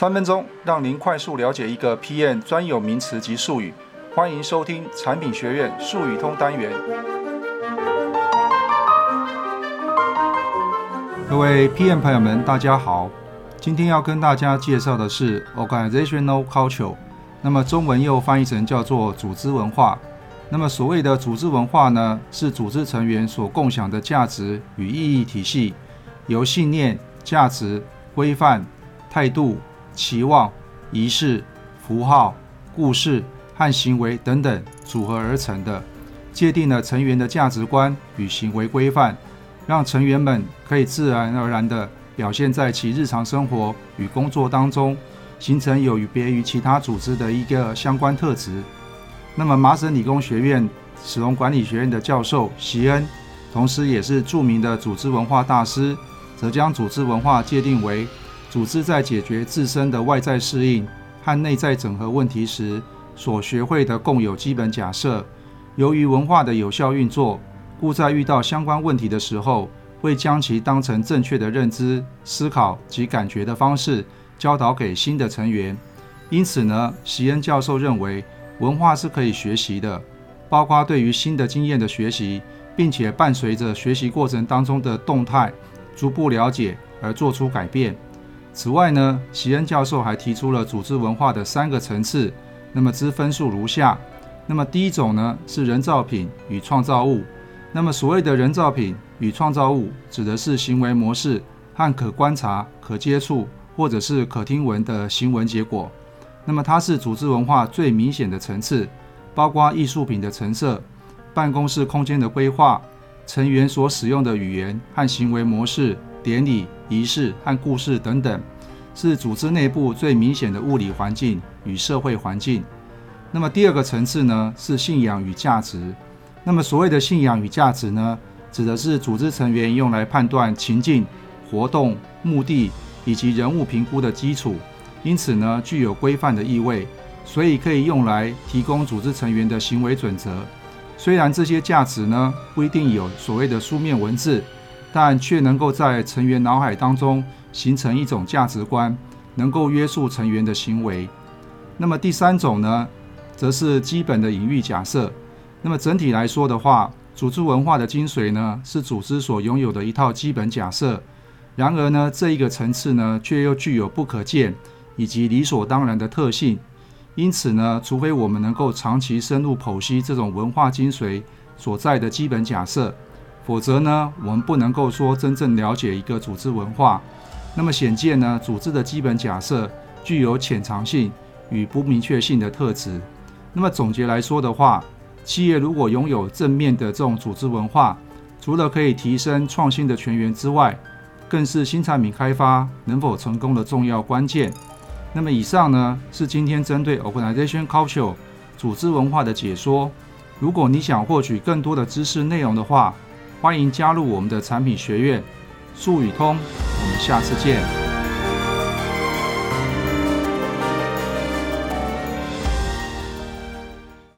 三分鐘讓您快速了解一個 PM 專有名詞及術語，歡迎收聽產品學院術語通單元。各位 PM 朋友們，大家好，今天要跟大家介紹的是 Organizational Culture，那麼中文又翻譯成叫做組織文化。那麼所謂的組織文化呢，是組織成員所共享的價值與意義體系，由信念、價值、規範、態度、期望、儀式、符號、故事和行為等等組合而成的，界定了成員的價值觀與行為規範，讓成員們可以自然而然地表現在其日常生活與工作當中，形成有別於其他組織的一個相關特質。那麼，麻省理工學院史隆管理學院的教授席恩，同時也是著名的組織文化大師，則將組織文化界定為，組織在解決自身的外在適應和內在整合問題時所學會的共有基本假設，由於文化的有效運作，故在遇到相關問題的時候，會將其當成正確的認知、思考及感覺的方式教導給新的成員。因此呢，席恩教授認為文化是可以學習的，包括對於新的經驗的學習，並且伴隨着學習過程當中的動態，逐步了解而做出改變。此外呢，席恩教授還提出了組織文化的三個層次，那麼之分述如下。那麼第一種呢，是人造品與創造物。那麼所謂的人造品與創造物，指的是行為模式和可觀察、可接觸或者是可聽聞的行為結果。那麼它是組織文化最明顯的層次，包括藝術品的陳設、辦公室空間的規劃、成員所使用的語言和行為模式、典禮、儀式和故事等等，是組織內部最明顯的物理環境與社會環境。那麼第二個層次呢，是信仰與價值。那麼所謂的信仰與價值呢，指的是組織成員用來判斷情境、活動、目的以及人物評估的基礎，因此呢，具有規範的意味，所以可以用來提供組織成員的行為準則。雖然這些價值呢，不一定有所謂的書面文字，但卻能夠在成員腦海當中形成一種價值觀，能夠約束成員的行為。那麼第三種呢，則是基本的隱喻假設。那麼整體來說的話，組織文化的精髓呢，是組織所擁有的一套基本假設。然而呢，這一個層次呢，卻又具有不可見以及理所當然的特性。因此呢，除非我們能夠長期深入剖析這種文化精髓所在的基本假設。否則呢，我們不能夠說真正了解一個組織文化。那麼顯見呢，組織的基本假設具有潛藏性與不明確性的特質。那麼總結來說的話，企業如果擁有正面的這種組織文化，除了可以提升創新的全員之外，更是新產品開發能否成功的重要關鍵。那麼以上呢，是今天針對 Organization Culture 組織文化的解說。如果你想獲取更多的知識內容的話，歡迎加入我們的產品學院，數語通。我們下次見。